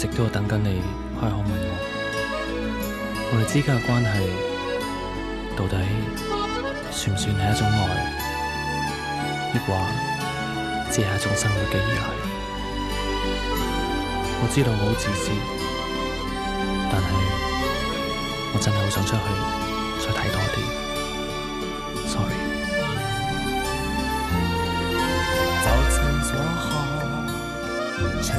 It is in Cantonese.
一直都有等緊你開口問我，我哋之間嘅關係到底算唔算係一種愛？亦或只係一種生活嘅意外。我知道我好自私，但係我真係好想出去。